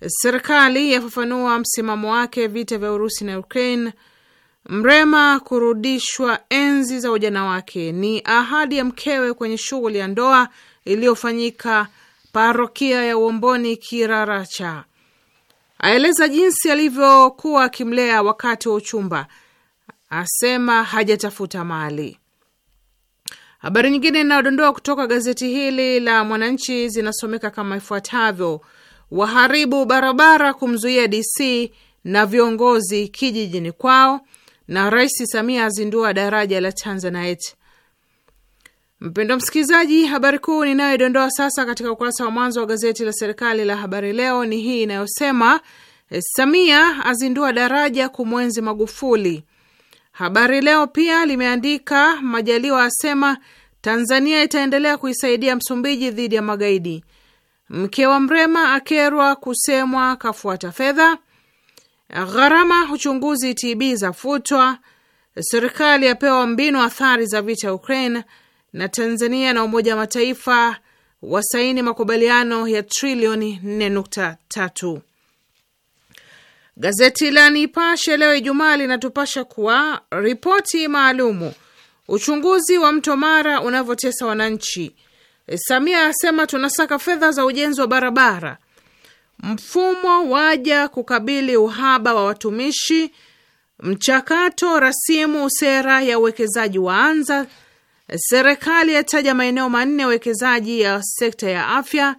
Serikali yafafanua msimamo wake vita vya Urusi na Ukraine. Mrema kurudishwa enzi za ujana wake ni ahadi ya mkewe kwenye shughuli ya ndoa iliyofanyika parokia ya Uomboni Kiraracha. Aeleza jinsi alivyokuwa akimlea wakati wa uchumba, asema hajatafuta mali. Habari nyingine inayodondoa kutoka gazeti hili la Mwananchi zinasomeka kama ifuatavyo: waharibu barabara kumzuia DC na viongozi kijijini kwao, na Rais Samia azindua daraja la Tanzanite. Mpendwa msikilizaji, habari kuu ninayodondoa sasa katika ukurasa wa mwanzo wa gazeti la serikali la Habari Leo ni hii inayosema Samia azindua daraja kumwenzi Magufuli. Habari Leo pia limeandika Majaliwa asema Tanzania itaendelea kuisaidia Msumbiji dhidi ya magaidi. Mke wa Mrema akerwa kusemwa kafuata fedha. Gharama uchunguzi TB zafutwa. Serikali yapewa mbinu athari za vita Ukraine. Na Tanzania na Umoja wa Mataifa wasaini makubaliano ya trilioni 4.3. Gazeti la Nipashe leo Ijumaa linatupasha kuwa ripoti maalumu uchunguzi wa mto Mara unavyotesa wananchi Eh, Samia asema tunasaka fedha za ujenzi wa barabara. Mfumo waja kukabili uhaba wa watumishi. Mchakato rasimu sera ya uwekezaji waanza. Serikali yataja maeneo manne ya uwekezaji ya sekta ya afya.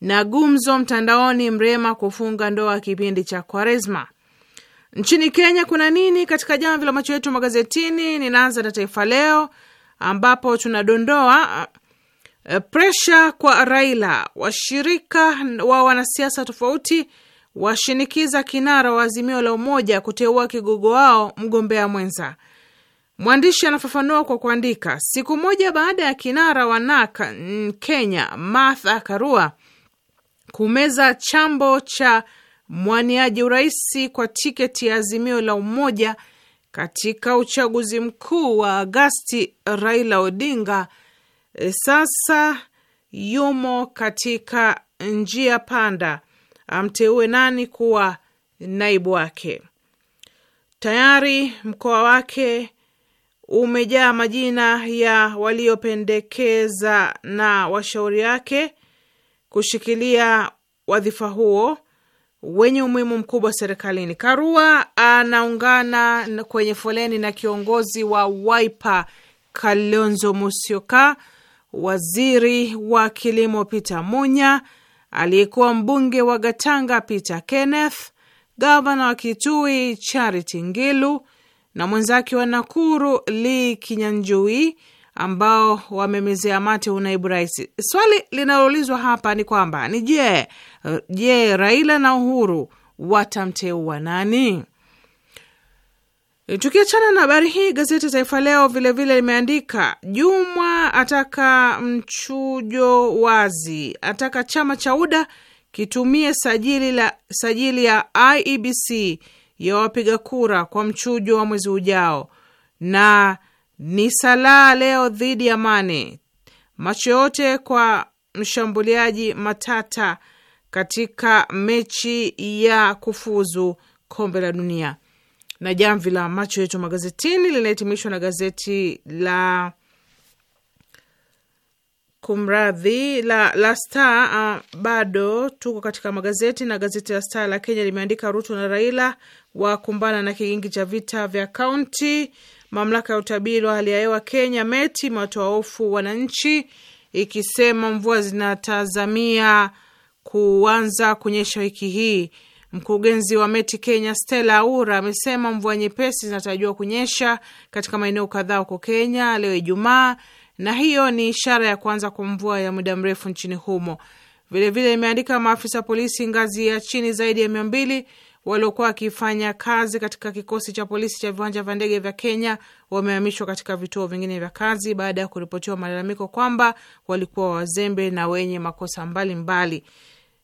Na gumzo mtandaoni, Mrema kufunga ndoa kipindi cha Kwaresma. Nchini Kenya kuna nini katika jamvi la macho yetu magazetini? Ninaanza na Taifa Leo ambapo tunadondoa Eh, presha kwa Raila. Washirika wa wanasiasa tofauti washinikiza kinara wa Azimio la Umoja kuteua kigogo wao mgombea mwenza. Mwandishi anafafanua kwa kuandika, siku moja baada ya kinara wa nak Kenya Martha Karua kumeza chambo cha mwaniaji uraisi kwa tiketi ya Azimio la Umoja katika uchaguzi mkuu wa Agasti, Raila Odinga E, sasa yumo katika njia panda amteue nani kuwa naibu wake. Tayari mkoa wake umejaa majina ya waliopendekeza na washauri wake kushikilia wadhifa huo wenye umuhimu mkubwa serikalini. Karua anaungana kwenye foleni na kiongozi wa Waipa Kalonzo Musyoka waziri wa kilimo Peter Munya, aliyekuwa mbunge wa Gatanga Peter Kenneth, gavana wa Kitui Charity Ngilu na mwenzake wa Nakuru Lee Kinyanjui ambao wamemezea mate unaibu rais. Swali linaloulizwa hapa ni kwamba ni je, je, Raila na Uhuru watamteua nani? Tukiachana na habari hii, gazeti Taifa Leo vilevile limeandika juma ataka mchujo wazi, ataka chama cha UDA kitumie sajili, la, sajili ya IEBC ya wapiga kura kwa mchujo wa mwezi ujao, na ni salaha leo dhidi ya Mane, macho yote kwa mshambuliaji Matata katika mechi ya kufuzu kombe la dunia na jamvi la macho yetu magazetini linahitimishwa na gazeti la kumradhi la, la Star. Uh, bado tuko katika magazeti na gazeti la Star la Kenya limeandika Ruto na Raila wakumbana na kigingi cha vita vya kaunti. Mamlaka ya utabiri wa hali ya hewa Kenya meti mewatoa hofu wananchi, ikisema mvua zinatazamia kuanza kunyesha wiki hii. Mkurugenzi wa Meti Kenya Stella Aura amesema mvua nyepesi zinatarajiwa kunyesha katika maeneo kadhaa huko Kenya leo Ijumaa, na hiyo ni ishara ya kuanza kwa mvua ya muda mrefu nchini humo. Vilevile imeandika maafisa polisi ngazi ya chini zaidi ya mia mbili waliokuwa wakifanya kazi katika kikosi cha polisi cha viwanja vya ndege vya Kenya wamehamishwa katika vituo vingine vya kazi baada ya kuripotiwa malalamiko kwamba walikuwa wazembe na wenye makosa mbalimbali mbali.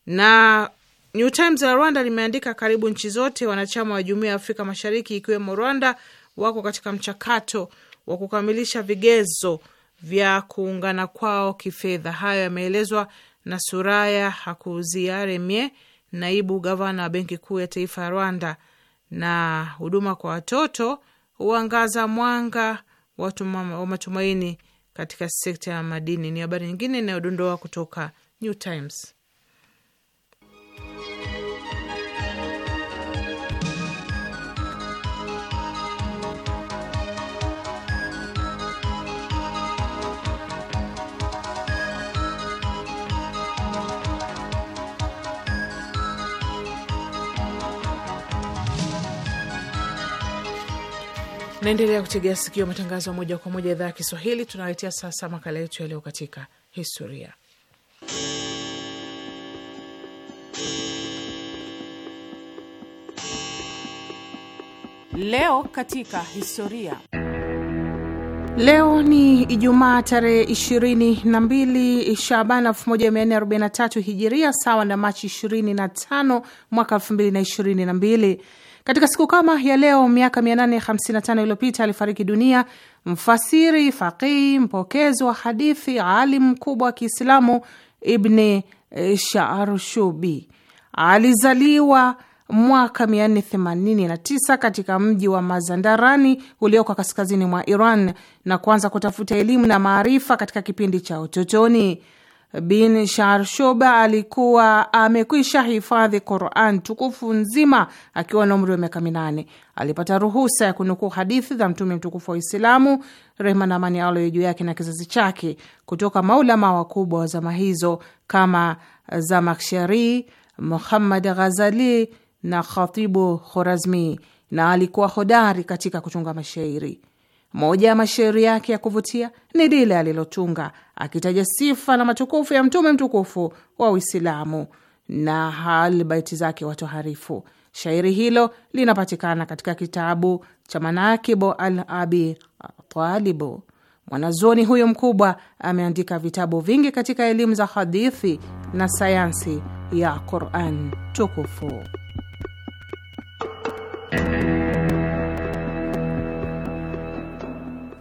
Na New Times la Rwanda limeandika karibu nchi zote wanachama wa jumuiya ya Afrika Mashariki ikiwemo Rwanda wako katika mchakato wa kukamilisha vigezo vya kuungana kwao kifedha. Hayo yameelezwa na Suraya Hakuziaremye, naibu gavana wa Benki Kuu ya Taifa ya Rwanda. Na huduma kwa watoto huangaza mwanga wa matumaini katika sekta ya madini, ni habari nyingine inayodondoa kutoka New Times. Naendelea kutegea sikio matangazo ya moja kwa moja idhaa ya Kiswahili. Tunaletea sasa makala yetu ya leo katika historia. Leo katika historia. Leo ni Ijumaa tarehe 22 Shaban 1443 Hijiria, sawa na Machi 25 mwaka 2022. Katika siku kama ya leo miaka 855 iliyopita alifariki dunia mfasiri, faqihi, mpokezi wa hadithi, alim mkubwa wa Kiislamu Ibni Sharshubi. Alizaliwa mwaka 489 katika mji wa Mazandarani ulioko kaskazini mwa Iran na kuanza kutafuta elimu na maarifa katika kipindi cha utotoni bin Sharshoba alikuwa amekwisha hifadhi Quran tukufu nzima akiwa na umri wa miaka minane. Alipata ruhusa ya kunukuu hadithi za Mtume mtukufu wa Uislamu, rehma na amani alo juu yake na kizazi chake, kutoka maulama wakubwa wa zama hizo kama Zamakshari, Muhammad Ghazali na Khatibu Khorazmi, na alikuwa hodari katika kutunga mashairi. Moja ya mashairi yake ya kuvutia ni lile alilotunga akitaja sifa na matukufu ya mtume mtukufu wa Uislamu na halbaiti zake watoharifu. Shairi hilo linapatikana katika kitabu cha Manakibu al Abi Talibu. Mwanazuoni huyo mkubwa ameandika vitabu vingi katika elimu za hadithi na sayansi ya Quran tukufu.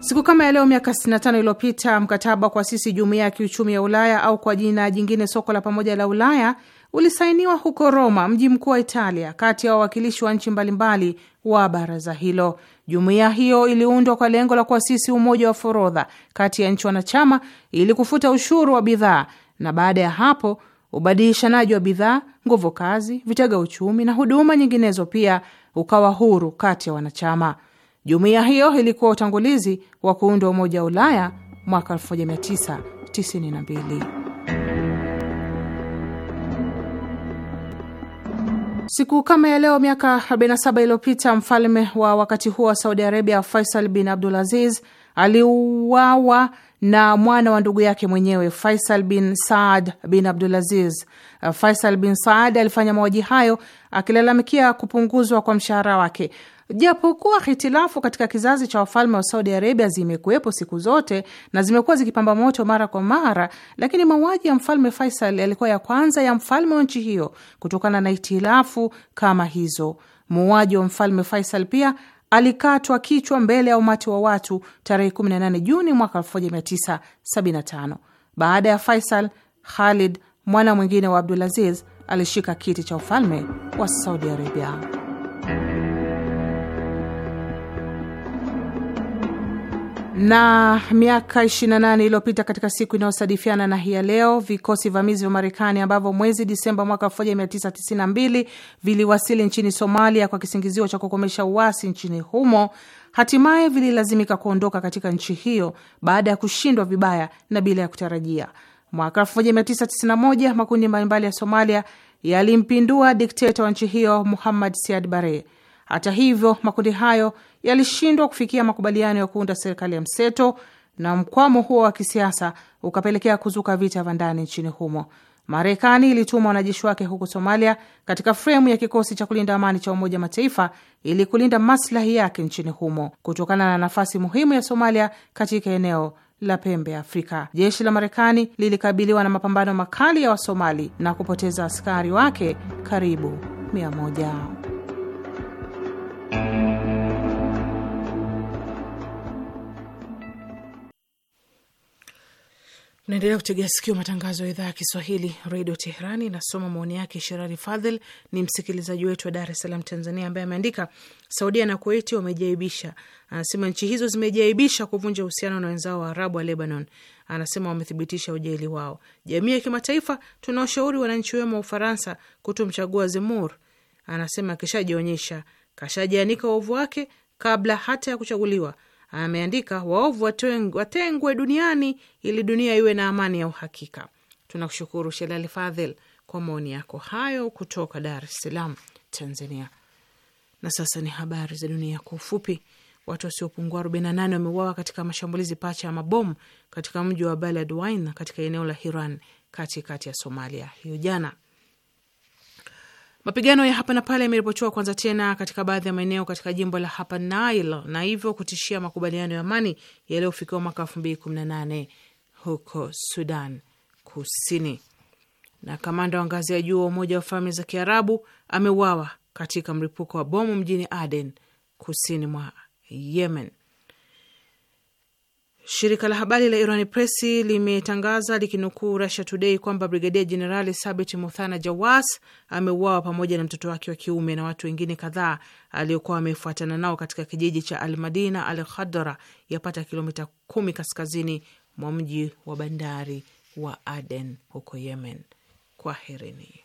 Siku kama ya leo miaka 65 iliyopita mkataba wa kuasisi jumuiya ya kiuchumi ya Ulaya au kwa jina jingine soko la pamoja la Ulaya ulisainiwa huko Roma, mji mkuu wa Italia, kati ya wawakilishi wa nchi mbalimbali wa baraza hilo. Jumuiya hiyo iliundwa kwa lengo la kuasisi umoja wa forodha kati ya nchi wanachama ili kufuta ushuru wa bidhaa, na baada ya hapo ubadilishanaji wa bidhaa, nguvu kazi, vitega uchumi na huduma nyinginezo pia ukawa huru kati ya wanachama. Jumuiya hiyo ilikuwa utangulizi wa kuundwa Umoja wa Ulaya mwaka 1992. Siku kama ya leo miaka 47 iliyopita mfalme wa wakati huo wa Saudi Arabia Faisal bin abdul aziz aliuawa na mwana wa ndugu yake mwenyewe Faisal bin Saad bin abdul aziz Faisal bin Saad alifanya mauaji hayo akilalamikia kupunguzwa kwa mshahara wake. Japokuwa hitilafu katika kizazi cha wafalme wa Saudi Arabia zimekuwepo siku zote na zimekuwa zikipamba moto mara kwa mara, lakini mauaji ya mfalme Faisal yalikuwa ya kwanza ya mfalme wa nchi hiyo kutokana na hitilafu kama hizo. Muuaji wa mfalme Faisal pia alikatwa kichwa mbele ya umati wa watu tarehe 18 Juni mwaka 1975. Baada ya Faisal, Khalid mwana mwingine wa Abdulaziz alishika kiti cha ufalme wa Saudi Arabia. Na miaka 28 iliyopita katika siku inayosadifiana na hii ya leo, vikosi vamizi vya Marekani ambavyo mwezi Disemba mwaka 1992 viliwasili nchini Somalia kwa kisingizio cha kukomesha uasi nchini humo hatimaye vililazimika kuondoka katika nchi hiyo baada ya kushindwa vibaya na bila ya kutarajia. Mwaka 1991 makundi mbalimbali ya Somalia yalimpindua dikteta wa nchi hiyo Muhammad Siad Barre. Hata hivyo makundi hayo yalishindwa kufikia makubaliano ya kuunda serikali ya mseto, na mkwamo huo wa kisiasa ukapelekea kuzuka vita vya ndani nchini humo. Marekani ilituma wanajeshi wake huko Somalia katika fremu ya kikosi cha kulinda amani cha Umoja Mataifa ili kulinda maslahi yake nchini humo kutokana na nafasi muhimu ya Somalia katika eneo la pembe ya Afrika. Jeshi la Marekani lilikabiliwa na mapambano makali ya Wasomali na kupoteza askari wake karibu mia moja. Naendelea kutegea sikio matangazo ya idhaa ya Kiswahili redio Teherani. Nasoma maoni yake. Sherari Fadhil ni msikilizaji wetu wa Dar es Salaam, Tanzania, ambaye ameandika Saudia na Kuwaiti wamejaibisha. Anasema nchi hizo zimejaibisha kuvunja uhusiano na wenzao wa Arabu wa Lebanon. Anasema wamethibitisha ujaili wao. Jamii ya kimataifa, tunawashauri wananchi wema wa Ufaransa kutomchagua Zemur. Anasema kishajionyesha, kashajianika uovu wake kabla hata ya kuchaguliwa ameandika, waovu watengwe duniani ili dunia iwe na amani ya uhakika. Tunakushukuru Shelali Fadhil kwa maoni yako hayo kutoka Dar es Salaam, Tanzania. Na sasa ni habari za dunia kwa ufupi. Watu wasiopungua 48 wameuawa katika mashambulizi pacha ya mabomu katika mji wa Baladweyne katika eneo la Hiran katikati ya Somalia hiyo jana. Mapigano ya hapa na pale yameripotiwa kwanza tena katika baadhi ya maeneo katika jimbo la hapa Nile na hivyo kutishia makubaliano ya amani yaliyofikiwa mwaka elfu mbili kumi na nane huko Sudan Kusini. Na kamanda wa ngazi ya juu wa Umoja wa Falme za Kiarabu ameuawa katika mlipuko wa bomu mjini Aden, kusini mwa Yemen. Shirika la habari la Iran Press limetangaza likinukuu Russia Today kwamba Brigadia Jenerali Sabit Muthana Jawas ameuawa pamoja na mtoto wake wa kiume na watu wengine kadhaa aliokuwa wamefuatana nao katika kijiji cha Almadina Al Khadra, yapata kilomita kumi kaskazini mwa mji wa bandari wa Aden huko Yemen. Kwa herini.